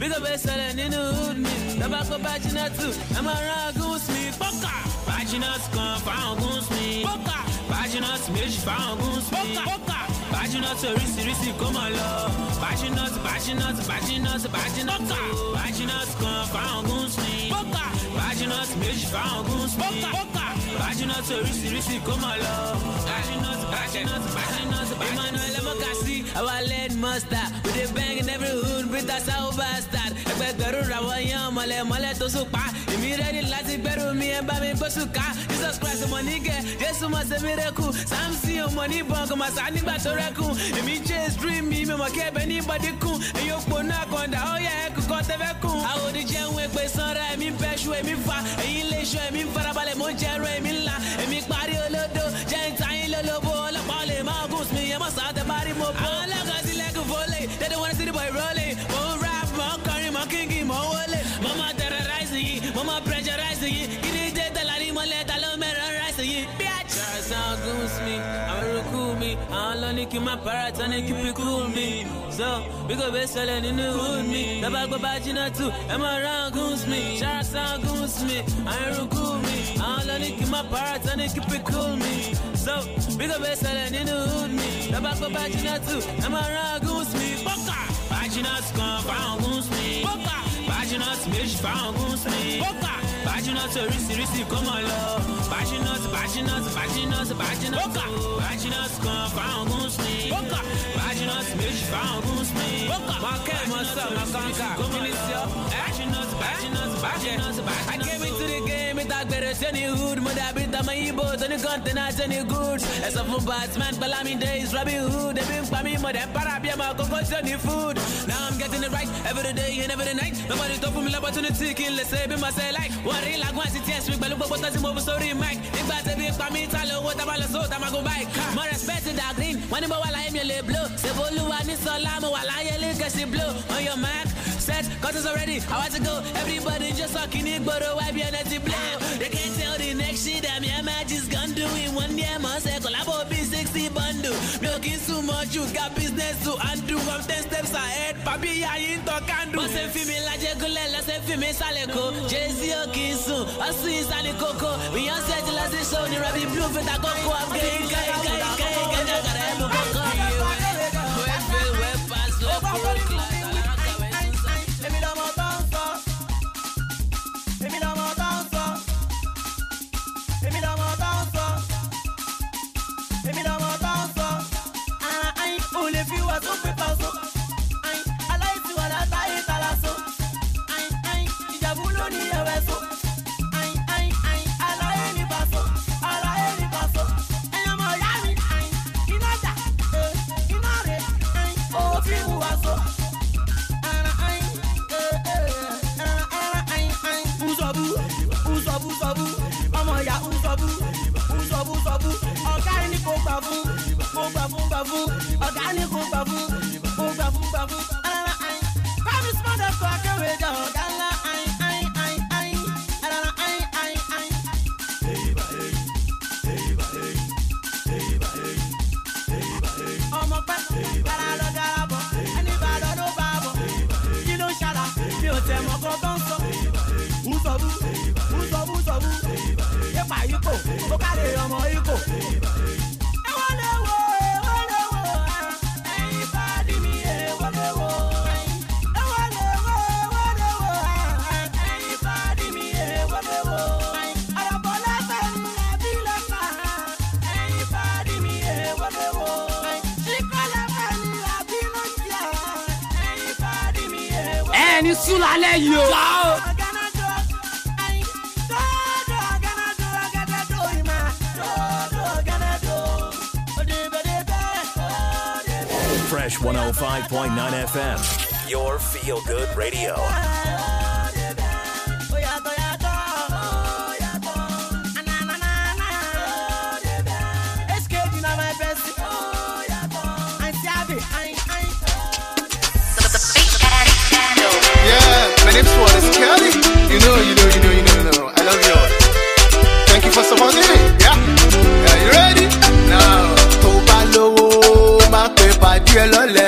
Bigger best selling in the hood, me. Tobacco Bajina too. I'm a rock goose, me. Boca. Bajina's gone, found goose, me. Boca. Bajina's bitch, found goose, me. Boca. Boca. Bajinot oríṣiríṣi kó mọ̀ lọ. Bajinot Bajinot Bajinot Bajinot Bajinot kan fáwọn gúnsìn. Bajinot méjì fáwọn gúnsìn. Bajinot oríṣiríṣi kó mọ̀ lọ. Bajinot Bajinot Bajinot Emmanuel Mokasi, our lead master. with dey bang in every hood, with that sound bastard. Ẹgbẹgbẹ̀rún ràwọ̀ yan mọ̀lẹ́mọ̀lẹ́ tó sùn pa. Èmi rẹ́ni láti gbẹ́rù mi ẹ bá mi gbósùn ká. Jesus Christ mọ̀ nígẹ̀, Jésù mọ̀ ṣe mí rẹ́kù. Sámsì ò mọ̀ ní bọ̀ǹgàn, màsà nígbà tó rẹ̀ miracle. Èmi chase dream mi, mi mọ̀ kí ẹbẹ̀ níbọ̀dí kún. Èyí ò ponú àkàndá, ó yẹ ẹkùn kan tẹ́fẹ́ kún. Àwòdì jẹun èpè sanra, èmi ń fẹ́ṣu, èmi ń fa. Èyí ń lè ṣọ, èmi ń farabalẹ̀, mò ń jẹrun, èmi ń la. Èmi parí olódo, jẹ́ ń ta yín lólobó. Ọlọ́pàá ò lè má gùn sí mi, ẹ mọ̀ sáà tẹ bá rí mo ki ebe nibodi kun eyi o ponu akanda o ye ekun kan tefe kun awodi jeun epe sanra emi n fesu emi n fa eyi n le so emi n farabale mo n jerun emi n la emi pari olodo je n ta yin lolobo olopaa o le ma gun si mi e mo saa te ba mo bo panic in my parrot and cool me. So, we go be selling in the hood me. The bag of Bajina too, and my round goons me. Shots sound goons me, I ain't cool me. All I need my cool me. So, we go be selling in the hood me. The bag of Bajina too, and my round goons me. Boca! Bajinas come, found goons me. Boca! Bajinas, bitch, found goons me. Boca! Bajinas, risi, risi, come on, love. Vaginas, vaginas, vaginas. Boca. Vaginas com alguns mim. Boca. Vaginas, mexe faz alguns mim. Boca. Maquer, moça, macanca. Iniciou. Vaginas, vaginas, vaginas, vaginas. I gave it Perez any hood, mother them. my ebos and the continents any goods. As of Batman, Balami days, Rabbi Hood, they been for me, mother parabia, my concocts any food. Now I'm getting it right every day and every night. Nobody talk from me about the ticket, let's say, be myself like one real like one city, speak, but look what does him over sorry Mike. If I say, for me am Italo, what I'm about the soda, I'm going back. More respect in that green, when you go, I am your blue. Sebolu, I need Solamo, I lie, I look at blue on your mic. Set, it's already, I want to go. Everybody just talking it, but a I be an blow. They can't tell the next shit that me and my just gonna do in one year, man. Say, collabo be 60 bundle. Milking too much, you got business to undo. I'm 10 steps ahead, papi, I ain't talking and do. Must have female like a let's have female saleko. Jay-Z, okay, soon. I see Salikoko. We are set to last show, the rabbit blue, fit a coco. I'm getting, getting, getting, getting, getting, getting, getting, getting, getting, getting, getting, getting, getting, lálẹ́ yìí o. Fresh 105.9 FM, your feel good radio. My name's Wallace Kelly. You know, you know, you know, you know, you know. I love you all. Thank you for supporting me. Yeah. Are you ready? Now. Tó bá lówó, má pè pàdé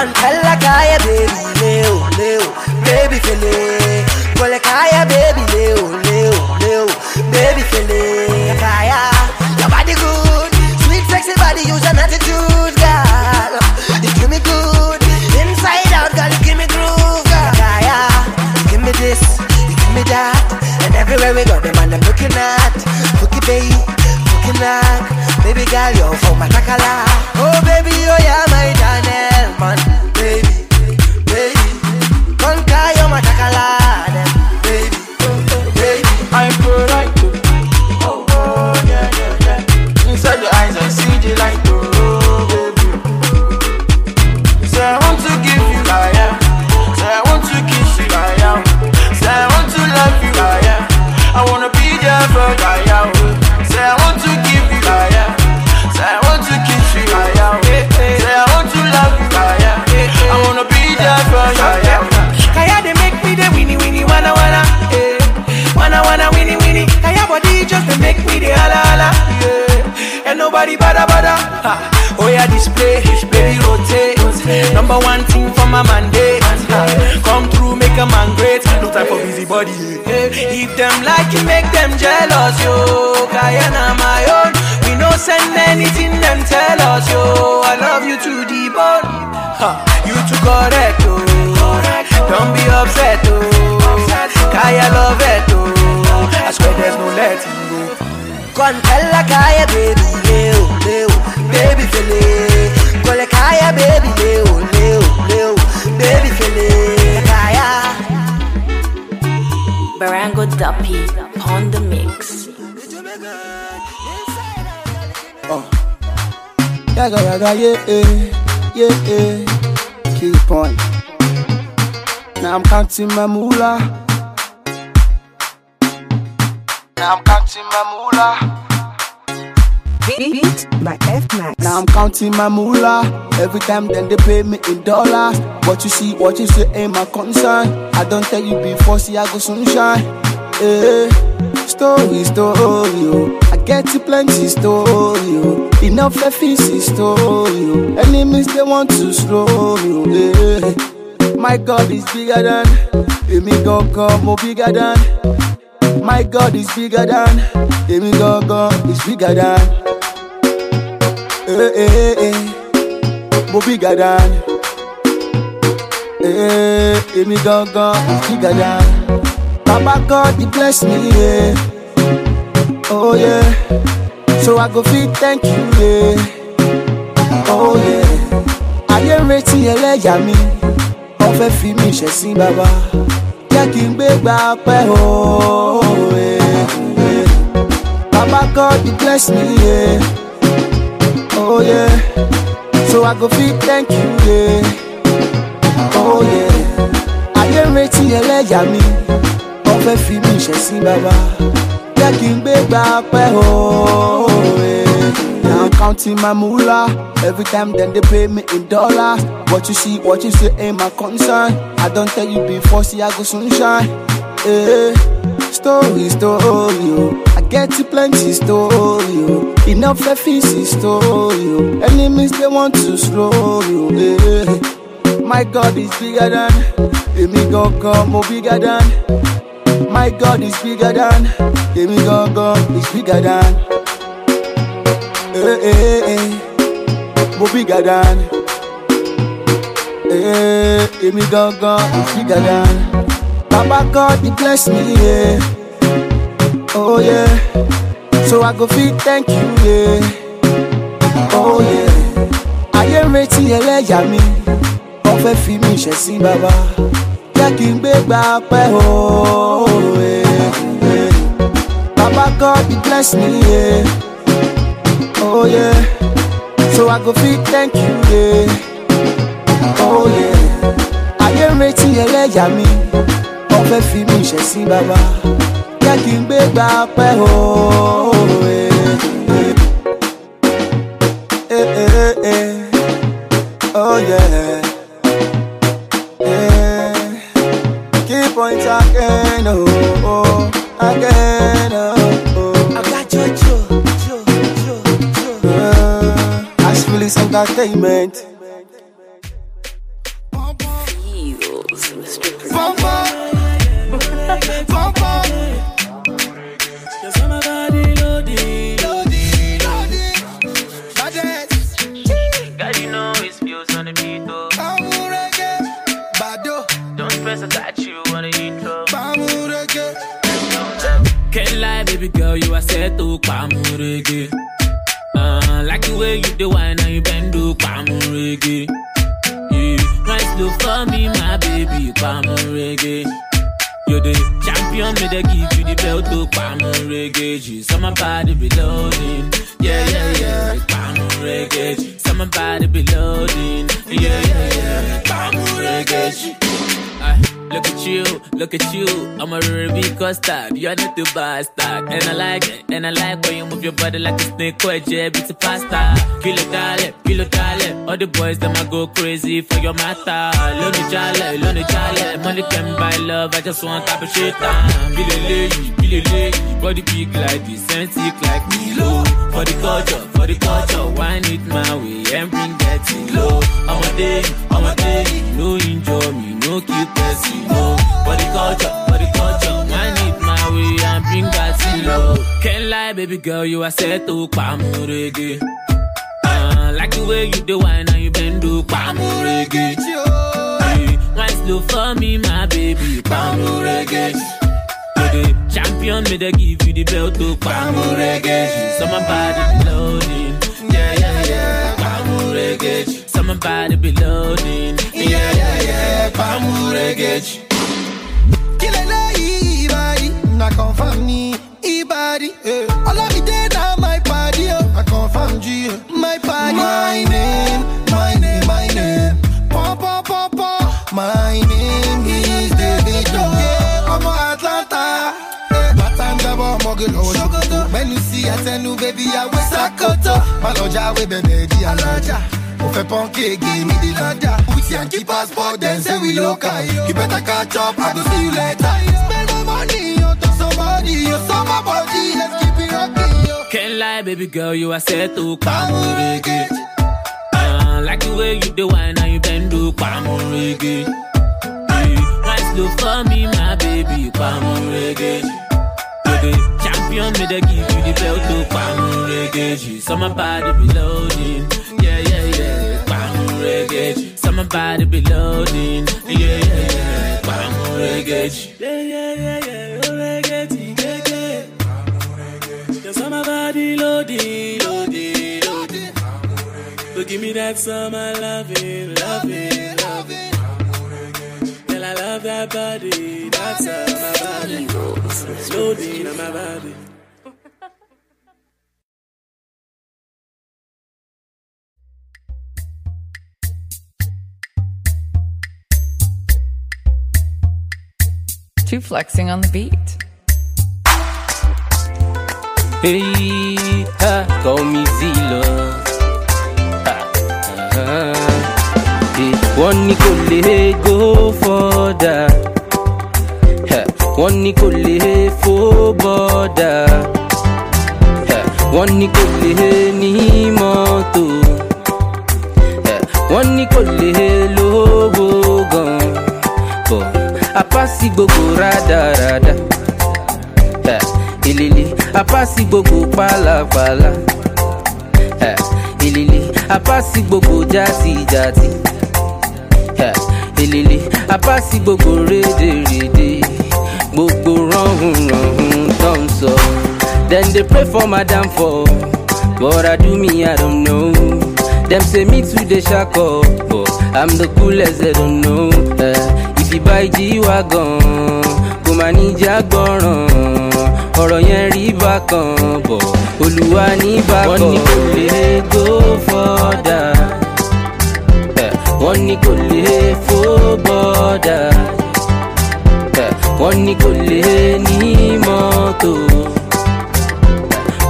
Pantalla Kaya baby Leo Leo baby fele Kole Kaya baby Leo Leo Leo baby fele Kaya your body good sweet sexy body use an attitude girl you do me good inside out girl you give me groove girl Kaya you give me this you give me that and everywhere we go the man I'm looking at Cookie babe looking at baby girl you're for my takala. everybody. Hey. If them like you, make them jealous, yo. Guyana, my own. We no send anything, them tell us, yo. I love you to the bone. You too correct, yo. Don't be upset, yo. Kaya love it, yo. I swear there's no letting go. Con tell Kaya, baby, leo, leo, baby, fele. Call Kaya, baby, leo. Barango Duppy on the mix. Oh. Yaga yaga yeah eh, yeah yeah. Key point. Now I'm counting my moolah. Now I'm counting my moolah. Beat by F Max. Now I'm counting my moolah. Every time then they pay me in dollars. What you see, what you say ain't my concern. I don't tell you before, see I go sunshine. Eh, story, story. Oh. I get to plenty story. Oh. Enough Enough FEC story. Oh. Enemies they want to slow me. Eh. My God is bigger than. Emi gangan mo bigger than. My God is bigger than. Emi gangan is bigger than. Hey, eh, eh, hey, eh, hey. Mo bigger than. Èmi gangan is bigger than. Baba God he bless me. Yeah. Oh yeah. So I go fit thank you. Yeah. Oh yeah. Ayé ń retí ẹlẹ́yà mi. Wọ́n fẹ́ fi mí ṣẹ̀ sí bàbá. Jẹ́ kí n gbé gba pẹ́ o. Baba God he bless me. Yeah oh yeah. So I go feel thank you, yeah. Oh yeah. Ayé ń ready ẹlẹ́yà mi, wọ́n me? fi mí ṣẹ̀ sí bàbá. Jẹ́ kí n gbé gba pẹ́ o. Oh, Now I'm counting my moolah. Every time then they pay me in dollar. What you see, what you see ain't my concern. I don't tell you before, see I go sunshine. Hey, eh, story, story, oh get plenty story oh. enough fẹ́ fíìsì e story oh. enemies they want to slow oh. you eh. my god is bigger than èmi go, mo bigger than my god is bigger than go go, is bigger than eh, eh, eh. eh. mo bigger than eh, èmi go is bigger than baba god He bless me. yeah oh yeah. So I go feel. thank you, yeah, oh yeah. I Ayé ń retí ẹlẹ́yà mi, wọ́n fẹ́ fi mí ṣẹ̀ sí bàbá. Jẹ́ kí n gbé gba pẹ́ o, oh, Baba God be bless me, yeah, oh yeah. So I go feel. thank you, yeah, oh yeah. Ayé ń retí ẹlẹ́yà mi, wọ́n fẹ́ fi mí ṣẹ̀ sí Baba. jẹ́ kí n gbé gbà pẹ́ o. Eh, eh, eh, oh yeah. yeah. Key points again, oh, oh again, oh. oh. Entertainment. Baby girl, you are set to kwamurege. Uh, like the way you do wine and you bend to kwamurege. Yeah, nice look for me, my baby, kwamurege. You're the champion, me they give you the belt to kwamurege. my body be loading. Yeah, yeah, yeah. Kwamurege. Summer body be loading. Yeah, yeah, yeah. Kwamurege. Look at you, look at you. I'm a Ruby custard. You're not the bastard. And I like it, and I like when you move your body like a snake or a jab. It's a pasta. Kilo dale, kilo dale. All the boys, them I go crazy for your matter. Lonely jale, lonely jale. Money can buy love. I just want type of shit. Billy, uh, billy, Lee. Body big like this, and sick like me. Low for the culture, for the culture. Wine it my way and bring that to low. I'm a day, I'm a day. No enjoy me, no keep pressing oh. Body culture, body culture. I need my way and bring that to low. Can't lie, baby girl, you are set to Kwamurege. Uh, like the way you do wine and you bend to Kwamurege. Wine slow for me, my baby. the Champion, may they give you the belt to Kwamurege. So my body loading. Yeah, yeah, yeah. Kwamurege my body be loading. Yeah, yeah, yeah, pamuregeji. Kilele ibadi, na confirm ni eh. All of me dead on my body, I oh. confirm G, eh. my body. My name, my name, my name, My name is David I'm Atlanta. Batanjabo, Mogul Ojo. When you see us, and baby, I will My Maloja, we benedi, aloja. Ou fait panquer, give me the We see and keep then say we local. You better catch up, I go see you later. Spend the money, on to somebody, yo, somebody, let's keep it rocking, Can't lie, baby girl, you are set to come reggae. Uh, like the way you do wine and you bend to come reggae. Nice look for me, my baby, come reggae. Champion, me they give you the belt to come reggae. So my body be loading reggae. body be loading. Yeah, yeah, yeah. Bang reggae. Yeah, yeah, yeah, yeah. Reggae, reggae. Yeah, body loading, loading, loading. But give me that summer loving, loving, loving. Girl, I love that body. That's my body. Loading on my body. to flexing on the beat. Brita com zilo. One go le go for that. One go le for border. One go le ni moto. One go le lobo. apasi gbogbo radarada eh, ilili apasi gbogbo palapala ilili apasi gbogbo jatijati eh, ilili apasi gbogbo rederede gbogbo rọhunrọhun tó ń sọ dem dey pray for madam for but i do me i don't know dem say me too dey shark but i'm the coolest they don't know sì bá ìjì wá gan-an kò má níjà gbọ́ràn ọ̀rọ̀ yẹn rí bákan bọ̀ olúwa ní bákan. wọ́n ní kò lè go further eh, wọ́n ní kò lè fo border eh, wọ́n ní kò lè ní mọ́tò eh,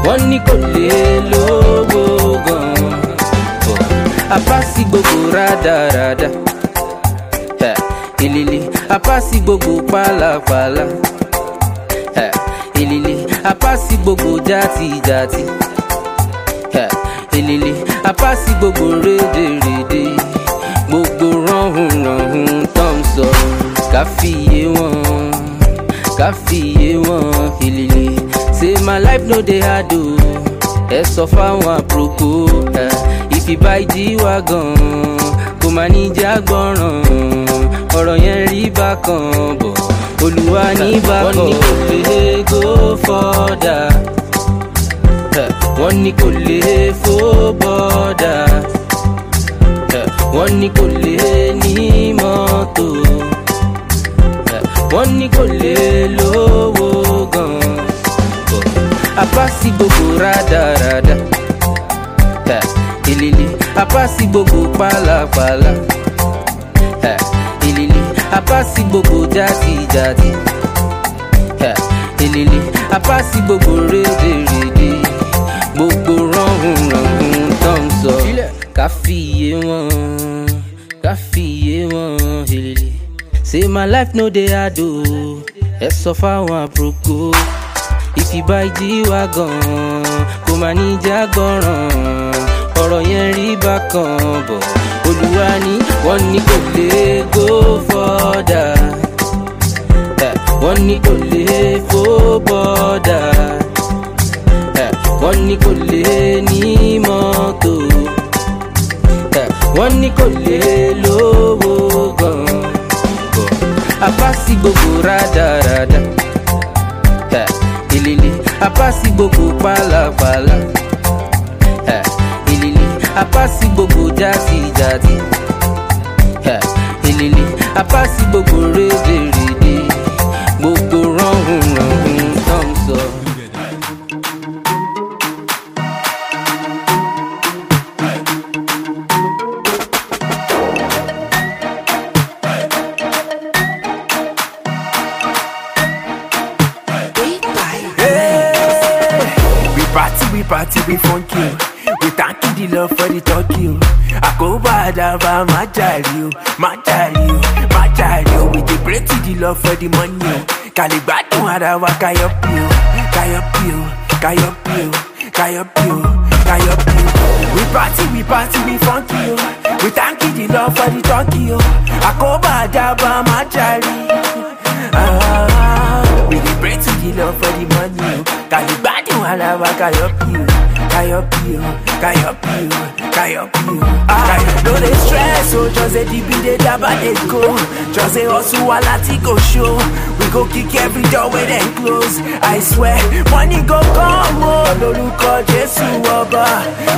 wọ́n ní kò lè lówó gan-an. àbá sí gbogbo rádaràda. Rada. Ilili, apasi gbogbo pálapàla Ilili, apasi gbogbo játijàti Ilili, apasi gbogbo rédèrèdè gbogbo rọ̀hùnrọ̀hùn tán sọ káfíyé wọn káfíyé wọn Ilili, say my life no dey hard o ẹ sọ fáwọn àpòkò ìfìbàjì wa gan kò má ní jágbọ́ràn ọ̀rọ̀ yẹn rí bákan bọ̀ olúwa ní bákan. wọ́n ní kò lè go further wọ́n ní kò lè fò bọ́dà wọ́n ní kò lè ní mọ́tò wọ́n ní kò lè lówó gan. apasi gbogbo rádaràda èlìlì apasi gbogbo pálapàla apasi gbogbo jáde jáde elele apasi gbogbo rédè rédè gbogbo rọrùn rọrùn tó ń sọ káfíyè wọn káfíyè wọn elele say my life no dey hard o ẹ sọ fáwọn àbúrò ìfìbá ìjì wa gan kò má ní jágbọràn ọ̀rọ̀ yẹn rí bá kàn bọ̀ olúwa ni wọ́n ní kò lè go further eh, wọ́n ní kò lè fò bọ́dà eh, wọ́n ní kò lè ní mọ́tò eh, wọ́n ní kò lè lówó gan-an apasi gbogbo rádaràda ìlìlì apasi gbogbo pálapàla. Pala. apasi gbogbo jasi jadi elele apasi gbogbo rederede gbogbo rọrùn rọrùn tán sọ. Party we funky. palava, my you, my you, my you. We dey pray to the Lord for the money. work up up you, you, up you, wa up you, kayọ̀pìó, up you. We party, we party, we funky o. We thank the Lord for the turkey o. Àkóbá àjàbá, my jolly. Ah, we dey pray to the Lord for the money. work ara up you. Kayopio, Kayopio, Kayopio. Ah, no dey stress, oh, just a DB dey daba dey go. Just a hustle while I go show. We go kick every door when they close. I swear, money go come, oh, lórúkọ Jésù ọba.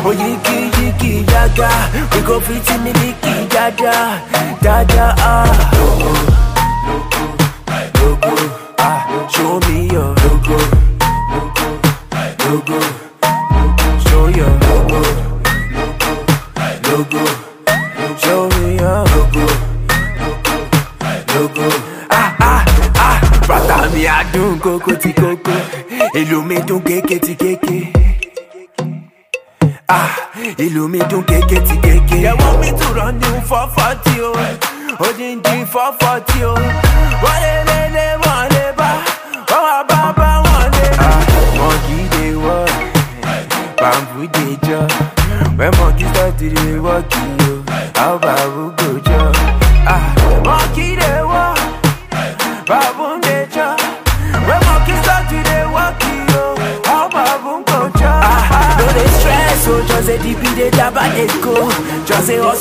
Oyiki yiki yaga, we go fit in the miliki dada, dada ah. no, Logo, no, logo. don keke ti keke. Ah, ìlú mi dún keke ti keke. They want me to run you for forty o, oh. odindi for forty o. Wọ́n lè.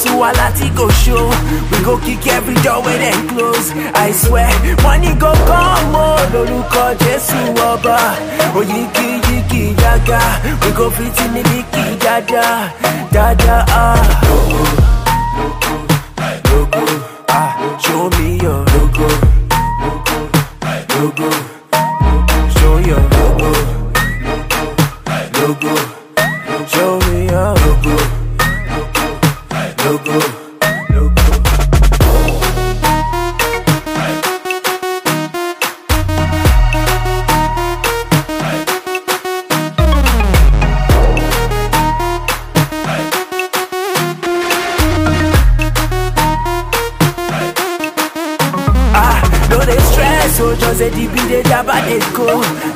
To a lati go show We go kick every door where they close I swear, money go come Oh, lórúkọ Jésù ọba Oyiki yiki yaga We go fit in the liki dada Dada ah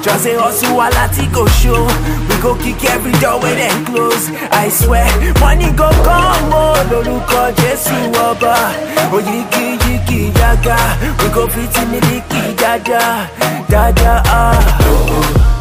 Just a hustle while I go show We go kick every door when they close I swear, money go come oh Lórúkọ Jésù ọba Oyiki yiki yaga We go fit in the liki dada Dada ah oh, oh.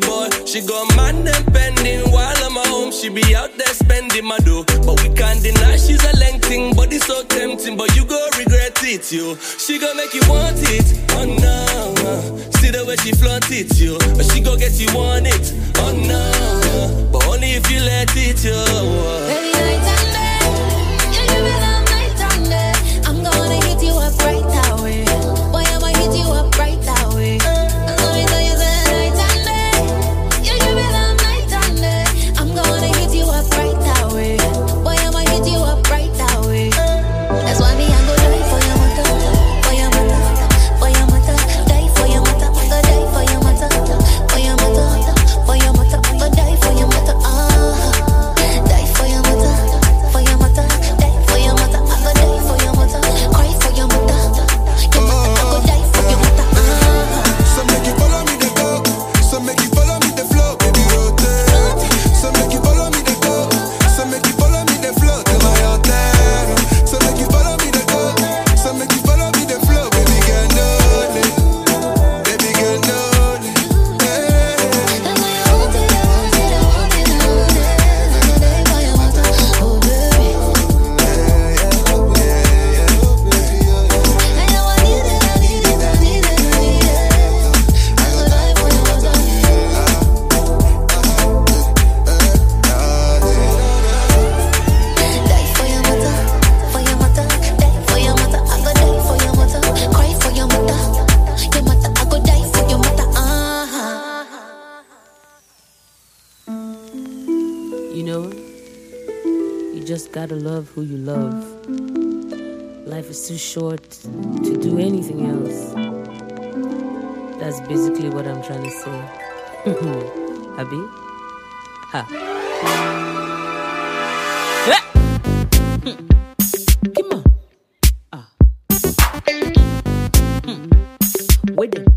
pretty boy. She got man and pending while I'm at home. She be out there spending my dough. But we can't deny she's a lengthing body so tempting. But you go regret it, yo. She go make you want it. Oh no. See the way she flaunt it, yo. But she go get you want it. Oh no. But only if you let it, yo. Baby, I to love who you love. Life is too short to do anything else. That's basically what I'm trying to say. Abi? Ha. Eh! Hmm. Come on. Ah. Hmm. Hmm. Wait.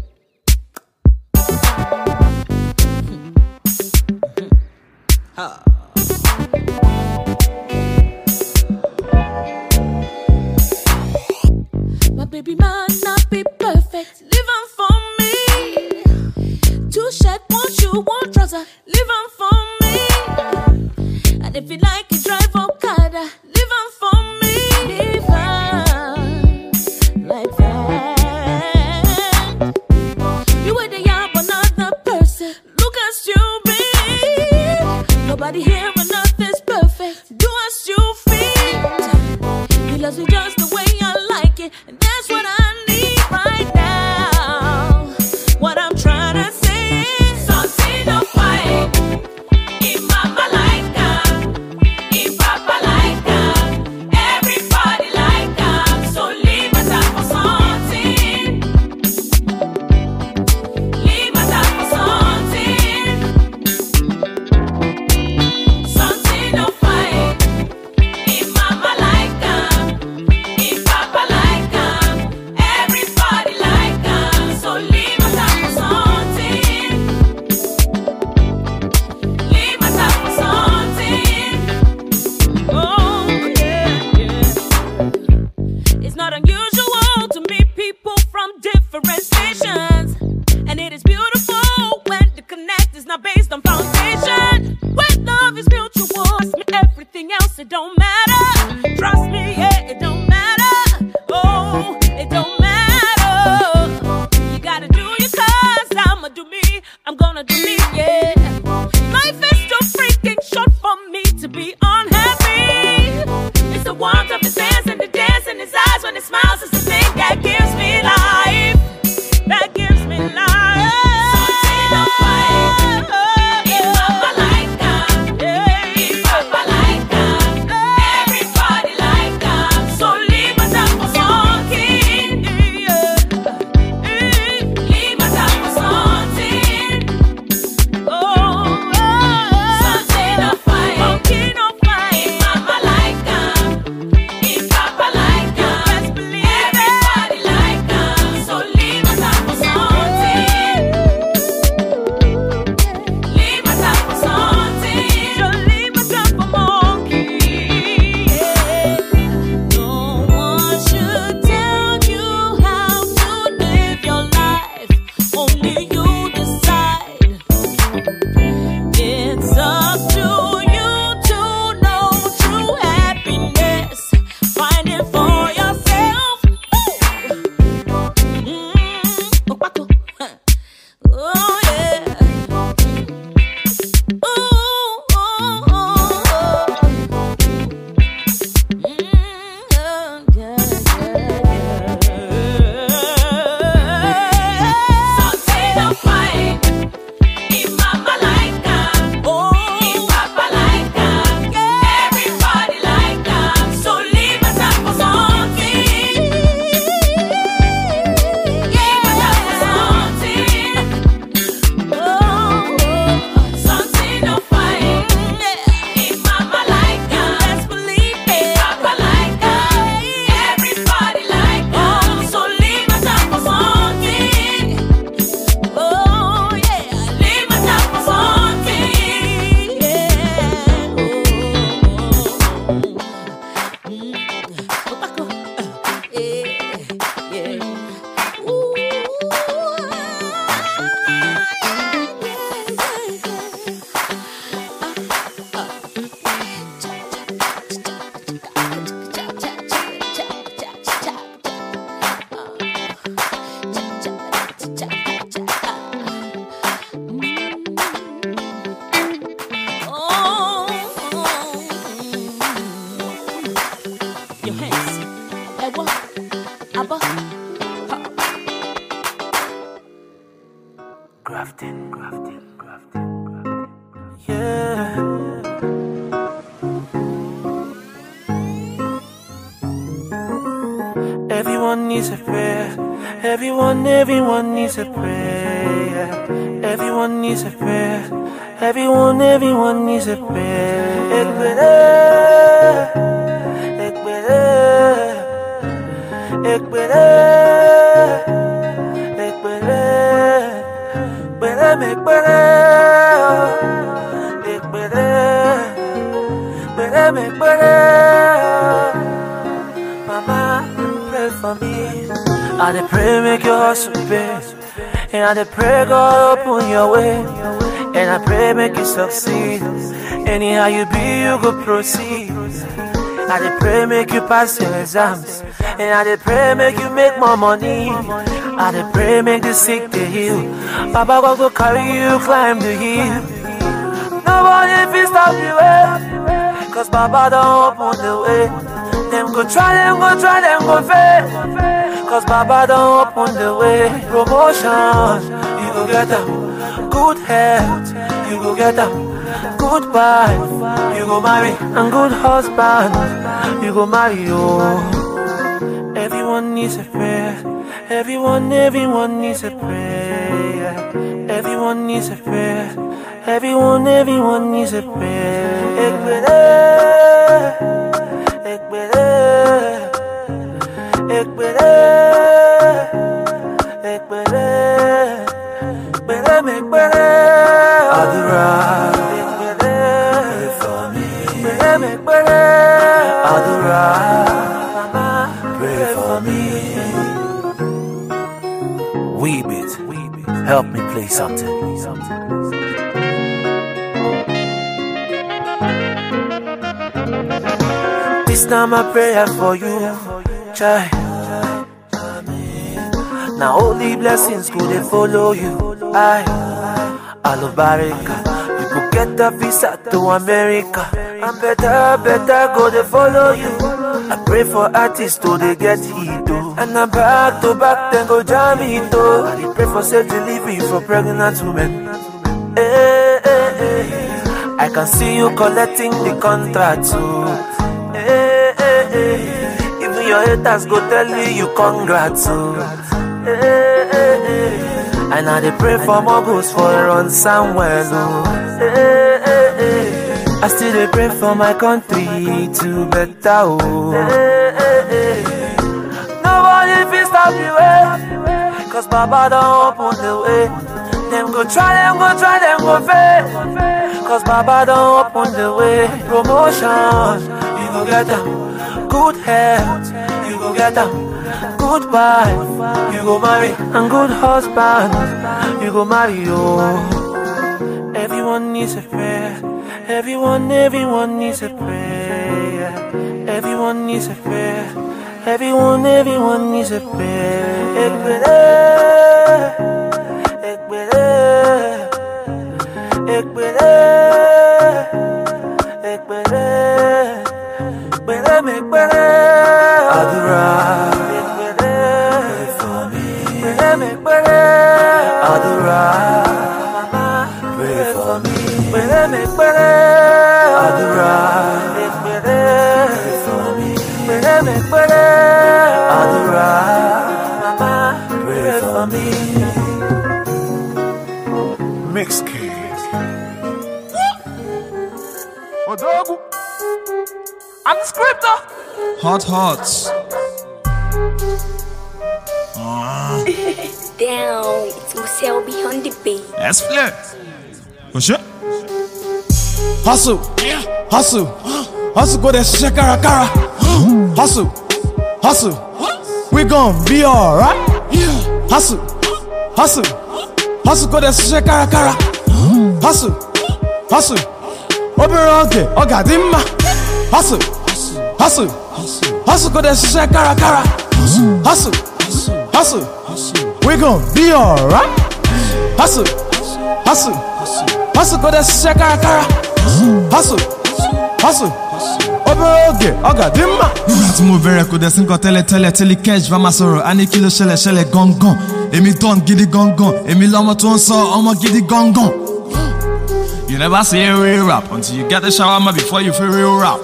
tipping. Ik ben er, ik ben er, ik ben er, ik ben er, ben Mama, pray for me. I dey pray make your heart so and I dey pray God open your way. And I pray make you succeed Anyhow you be, you go proceed. I dey pray make you pass your exams, and I dey pray make you make more money. I dey pray make the sick to heal. Baba go go carry you climb the hill. Nobody fit stop you way, eh? cause Baba don't open the way. Them go try, them go try, them go fail. Cause Baba don't open the way. Promotion, you go get them. Good health, you go get them good wife, you go marry, and good husband, you go marry, oh. Everyone needs a prayer, everyone, everyone needs a prayer, everyone needs a prayer, everyone, everyone needs a prayer. Ekbele, ekbele, ekbele, ekbele, ekbele, ekbele, ekbele, Adonai, pray for me. Weeb it. Help me play something. This time I pray for you, child. Now only blessings could follow you. I, Alubarika. Get a visa to America. I'm better, better go to follow you. I pray for artists to they get hit though. And I'm back to back, then go jam it though. I pray for safe delivery for pregnant women. Hey, eh, eh, hey, eh. hey. I can see you collecting the contract too. Oh. Hey, hey, hey. Even your haters go tell you, you congrats. Too. Oh. Hey. And now they pray for more goals for run somewhere low. I still they pray for my country to better. Oh. Nobody feels stop you, way. Cause Baba don't open the way. Them go try, them go try, them go fail. Cause Baba don't open the way. Promotion, you go get them. Good health, you go get them good wife, you go marry, and good husband, you go marry, oh. Everyone needs a prayer, everyone, everyone needs a prayer, everyone needs a prayer, everyone, everyone needs a prayer. Adura. Adora, pray for me. Adura, pray for me. Adura, pray for me. Mix kid. Odogu. And scriptor. Hot hearts. Ah. down. It's Musel behind the beat. That's flex. For sure. Hustle. Yeah. Hustle. Hustle go there shakara kara. Hustle. Hustle. We gon' be alright. Yeah. Hustle. Hustle. Hustle go there shakara kara. Hustle. Hustle. Obere oge oga dị mma. Hustle. Hustle. Hustle go there shakara kara. Hustle. Hustle. Hustle. We gon' be alright. Hustle, hustle, hustle, go to Shakakara. Hustle, hustle. Oberoge, Ogadimma. Nígbà tí mo bẹ̀rẹ̀ kò dẹ̀ sí nǹkan tẹ́lẹ̀tẹ́lẹ̀ tẹ́lẹ̀ kẹ́ẹ̀j bá máa sọ̀rọ̀, a ní kilo ló ṣẹlẹ̀ ṣẹlẹ̀ gangan. Èmi dán gidi gangan, èmi lọ́mọ tó ń sọ ọmọ gidi gangan. You never see a real rap until you get the shawarma before you feel real rap.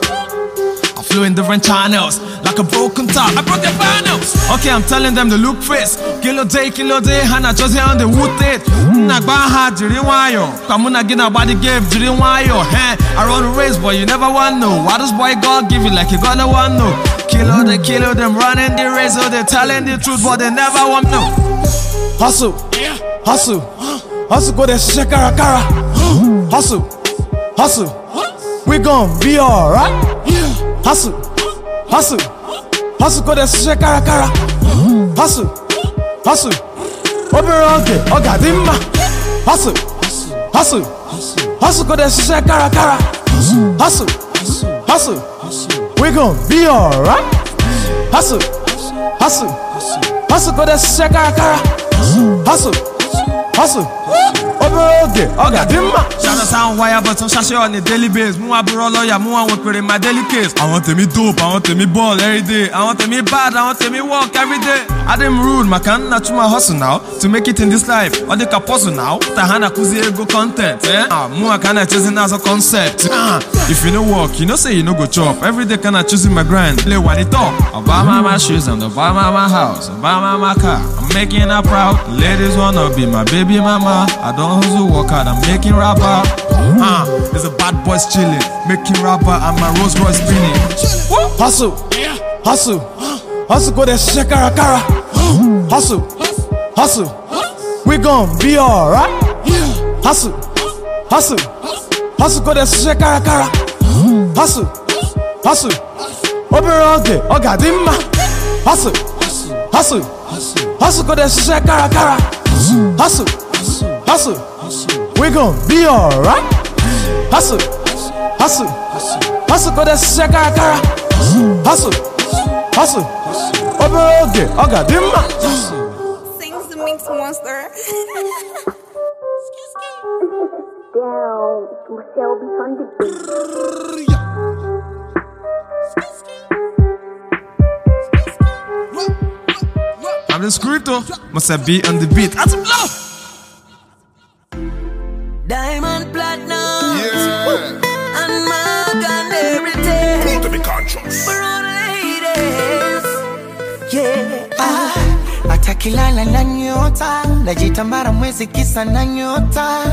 I flew in different channels. like a broken top. I broke their panels. Okay, I'm telling them to look face. Kilo day, kilo day, and I just hear on the wood mm, it. Nagbaha, Jiriwayo. Kamuna gina body gave Jiriwayo. Hey, I run a race, but you never want no. Why does boy God give you like you gonna want no? Kilo, they kilo, them running the race, so oh, they telling the truth, but they never want no. Hustle, hustle, hustle, go there, shakara kara. Hustle, hustle, we gon' be alright. Hustle, hustle. hustle kó ṣiṣẹ́ kárakára hustle hustle obìnrin ọ̀gẹ̀ ọ̀gá tí ń mà hustle hustle hustle kó ṣiṣẹ́ kárakára hustle hustle we gon be alright hustle hustle hustle kó ṣiṣẹ́ kárakára hustle hustle. ebe oge ọ ga-adị Shout out wire but I'm ṣaṣẹ́ on a daily base Mú àbúrò lọ́ọ̀yà mú àwọn pèrè my daily case Àwọn tèmi dope, àwọn tèmi ball every day Àwọn tèmi bad, àwọn tèmi work every day I dem rude, my can na too my hustle now To make it in this life, ọ dị ka puzzle now Tahana kuzi ego content, eh? Ah, mú àkànà choose as a concept ah, If you no work, you no say you no go chop Every day choose choosing my grind, play what it talk I buy my, my shoes and I buy my, my house I buy my, my car, I'm making her proud Ladies wanna be my baby mama I don't comes to work hard, I'm making rapper. Mm-hmm. Ah, uh, there's a bad boys chilling, making rapper, and my Rolls Royce spinning. Hustle, hustle, hustle, go there, shake kara kara. Hustle, hustle, we gon' be alright. Hustle, hustle, hustle, go there, shake kara kara. Hustle, hustle, open all day, oh god, Hustle, hustle, hustle, hustle go there, shake kara kara. Hustle, hustle. hustle. We gon' be alright. Hustle, hustle, hustle, go that shakakara. Hustle, hustle, hustle. I got them. Sings the Minx Monster. Down to Shelby on the beat. I'm just crypto, must I be on the beat? At the blow! Diamond platinum. Yeah. And my gun everything. Go to be conscious. the ladies. Yeah. Ah, atakilala na nyota. Najita mara mwezi kisa na nyota.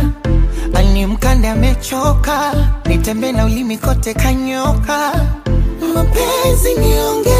Ani mkande amechoka. Nitembe na ulimi kote kanyoka. Mapenzi nionge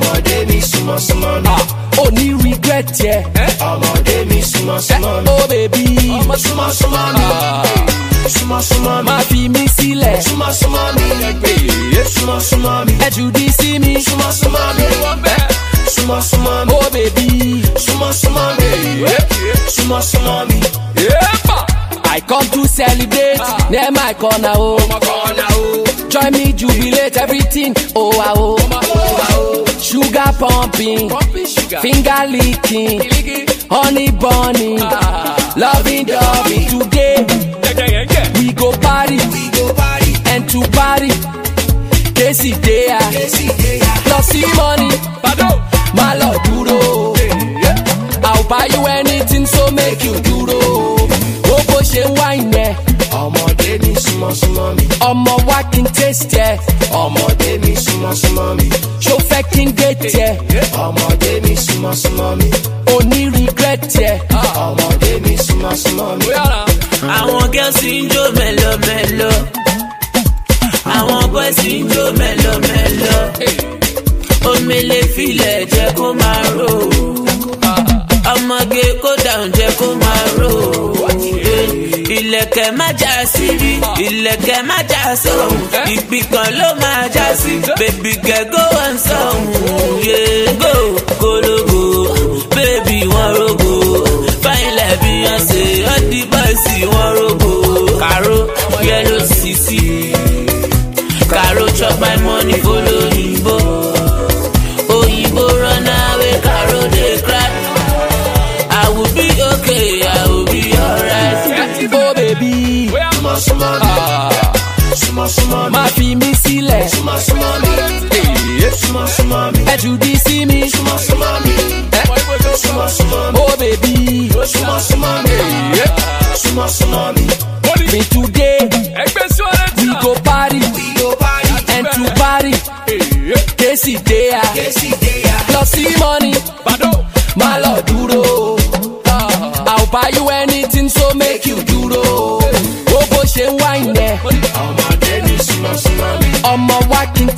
ọmọdé mi súnmọ́ súnmọ́ náà. Ah, ó ní regret yẹ. ọmọdé mi súnmọ́ súnmọ́ náà. ó bèbí súnmọ́ súnmọ́ náà. súnmọ́ súnmọ́ mi. Ah. má fi mí sílẹ̀. súnmọ́ súnmọ́ mi. súnmọ́ súnmọ́ mi. ẹ jù dí sí mi. súnmọ́ súnmọ́ mi. súnmọ́ súnmọ́ mi. ó bèbí súnmọ́ súnmọ́ mi. súnmọ́ súnmọ́ mi. I come to celebrate, ah. near My corner, oh. Join me, jubilate everything. Oh, wow. Oh, ah, oh, oh. Sugar pumping, finger licking, honey burning, loving dovey. Today, we go party, and to party, Casey plus see money, my lord, duro. I'll buy you anything so súnmọ́ súnmọ́ mi. ọmọ wa kí n taste ẹ. ọmọdé mi súnmọ́ súnmọ́ mi. ṣó fẹ́ kí n dé tiẹ̀. ọmọdé mi súnmọ́ súnmọ́ mi. oní regret ẹ. ọmọdé mi súnmọ́ súnmọ́ mi. àwọn gẹ́sì ń jó mẹ́lọ́mẹ́lọ́. àwọn bọ́ẹ̀sì ń jó mẹ́lọ́mẹ́lọ́. omele filẹ̀ jẹ́ kó máa rò. ọmọge kó dàrún jẹ́ kó máa rò ìlẹ̀kẹ̀ má já síbí ìlẹ̀kẹ̀ má já sóhun ìgbì kan ló máa já sí bèbí kẹ go and sóhun yé go korogo bèbí wọn rogo fáìlẹ̀ bí wọ́n ṣe ọ́dí bọ́ìsì wọn rogo Karo yẹ́lò sísì kàró chop my money follow. mi. Súnmọ́ súnmọ́ mi. Súnmọ́ súnmọ́ mi. Má fi mí sílẹ̀. Súnmọ́ súnmọ́ mi. Súnmọ́ súnmọ́ mi. Ẹ jù dí sí mi. Súnmọ́ súnmọ́ mi. Súnmọ́ súnmọ́ mi. Oh baby. Súnmọ́ súnmọ́ mi. Súnmọ́ súnmọ́ mi. Me today. Ẹgbẹ́ sọ́ọ́rẹ́ tí. We go party. We go party. And to party. Kesi deya. Kesi deya. Lọ sí money.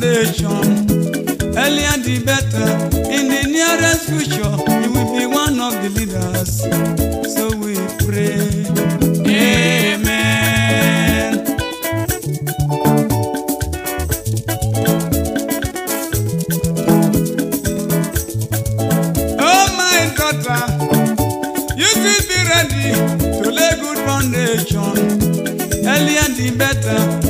nation. Earlier the better. In the nearest future, you will be one of the leaders. So we pray. Amen. Oh my daughter, you should be ready to lay good foundation. Earlier the better.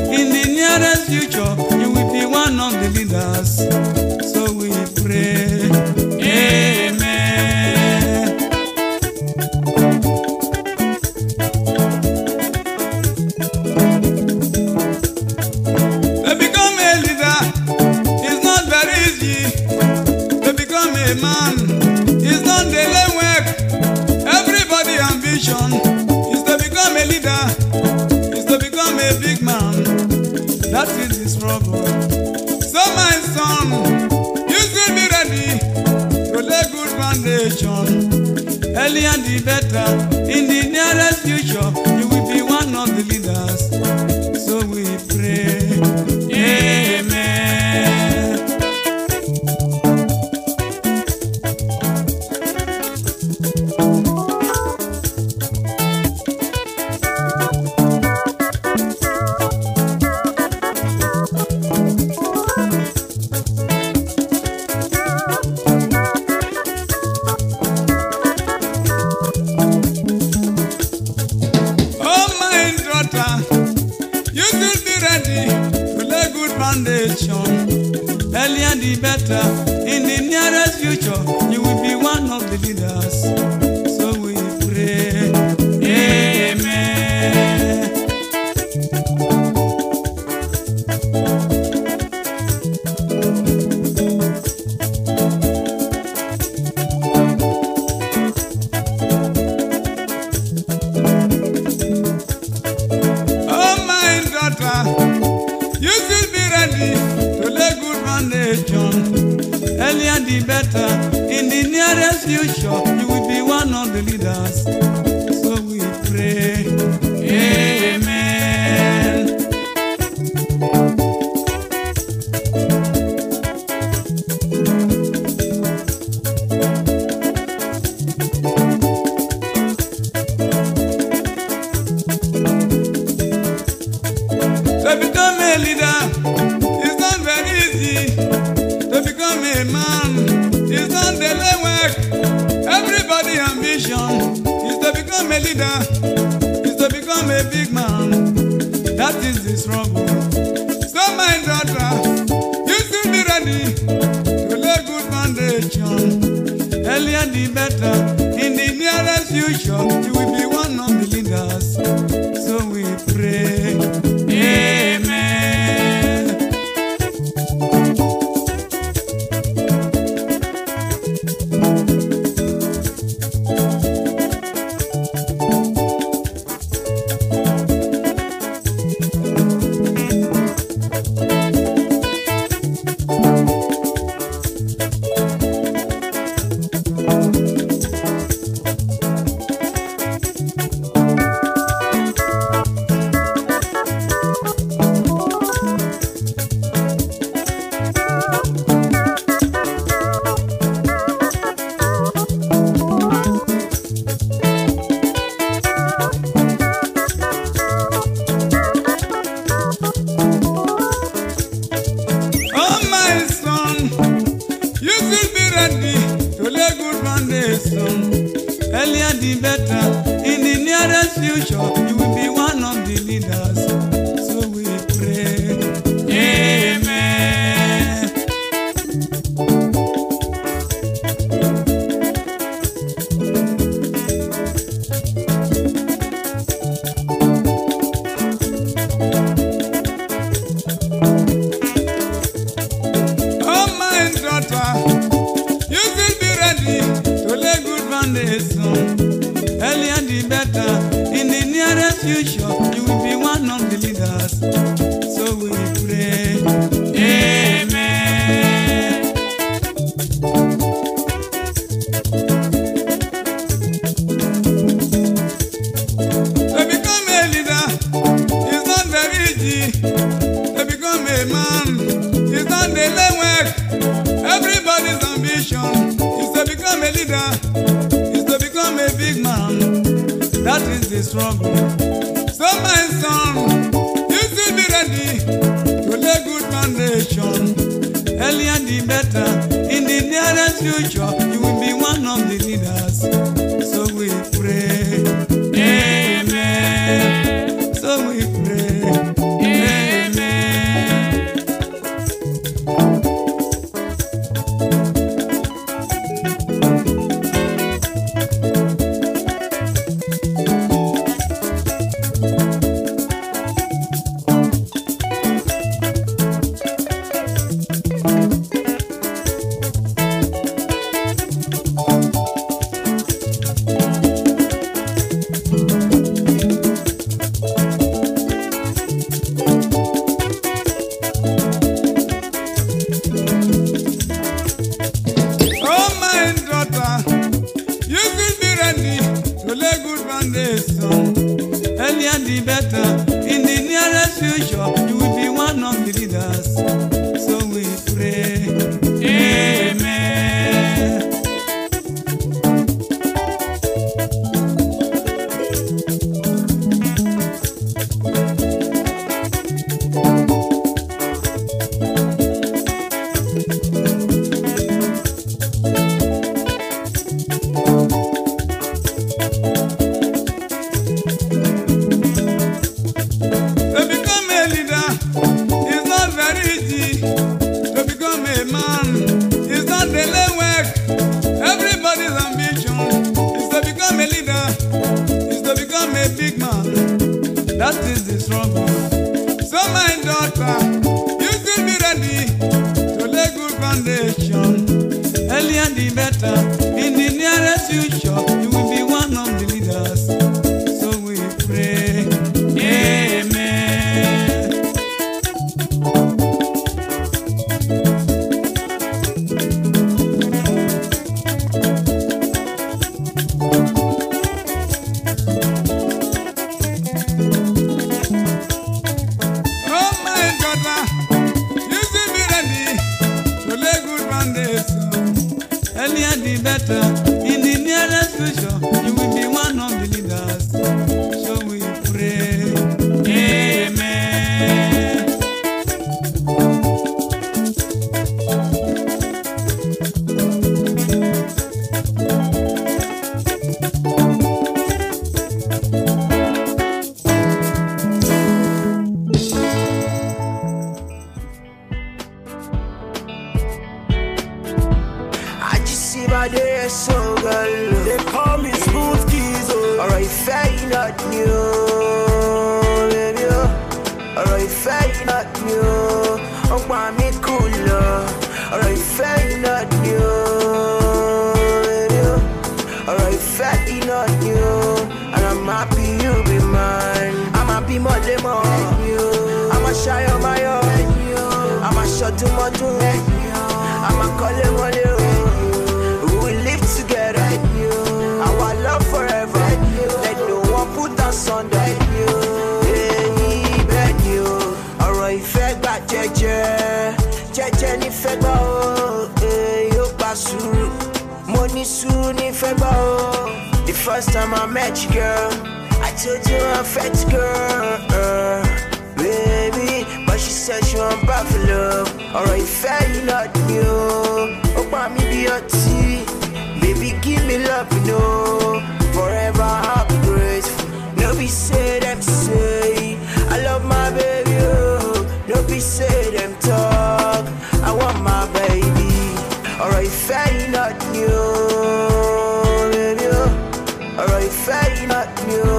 ìfẹ́ iná ni o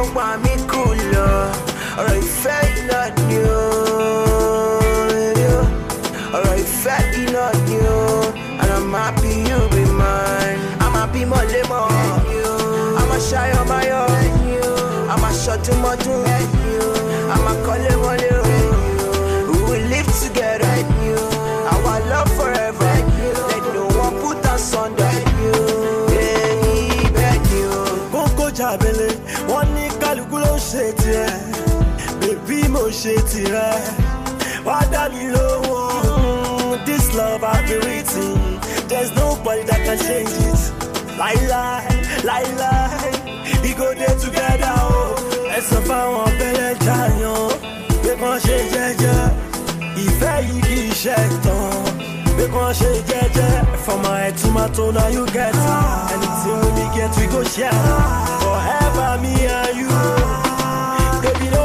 ó me, cool. kú lọ ọ̀rọ̀ ṣe tirẹ̀ wá dá mi lóhùn this love I've be waiting there's nobody that can change it láíláí láíláí we go dey together o ẹ sọ fáwọn bẹ́lẹ̀ jàyàn pé kàn ṣe jẹ́jẹ́ ìfẹ́ yìí kì í ṣe tán pé kàn ṣe jẹ́jẹ́ for my tomato na you get it anything wey we get we go share forever me and you baby no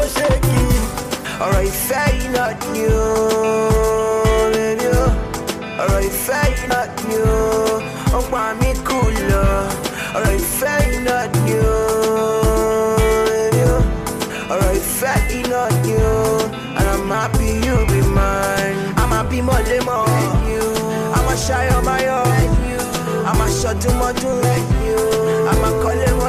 Or if I not you, baby. Or if I not you. oh, why me cool Or if I not you, baby. Or if I not you. and I'm happy you be mine. I'm happy more than more. I'm a shy on my own. I'm a shot to my do. I'm a calling.